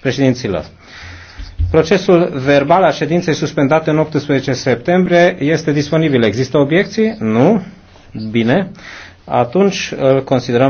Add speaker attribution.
Speaker 1: președinților. Procesul verbal a ședinței suspendate în 18 septembrie este disponibil. Există obiecții? Nu? Bine.
Speaker 2: Atunci îl considerăm